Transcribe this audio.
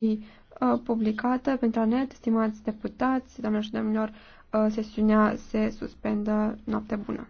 Uh, publicată pe internet, stimați deputați, doamnelor și domnilor, uh, sesiunea se suspendă. Noapte bună!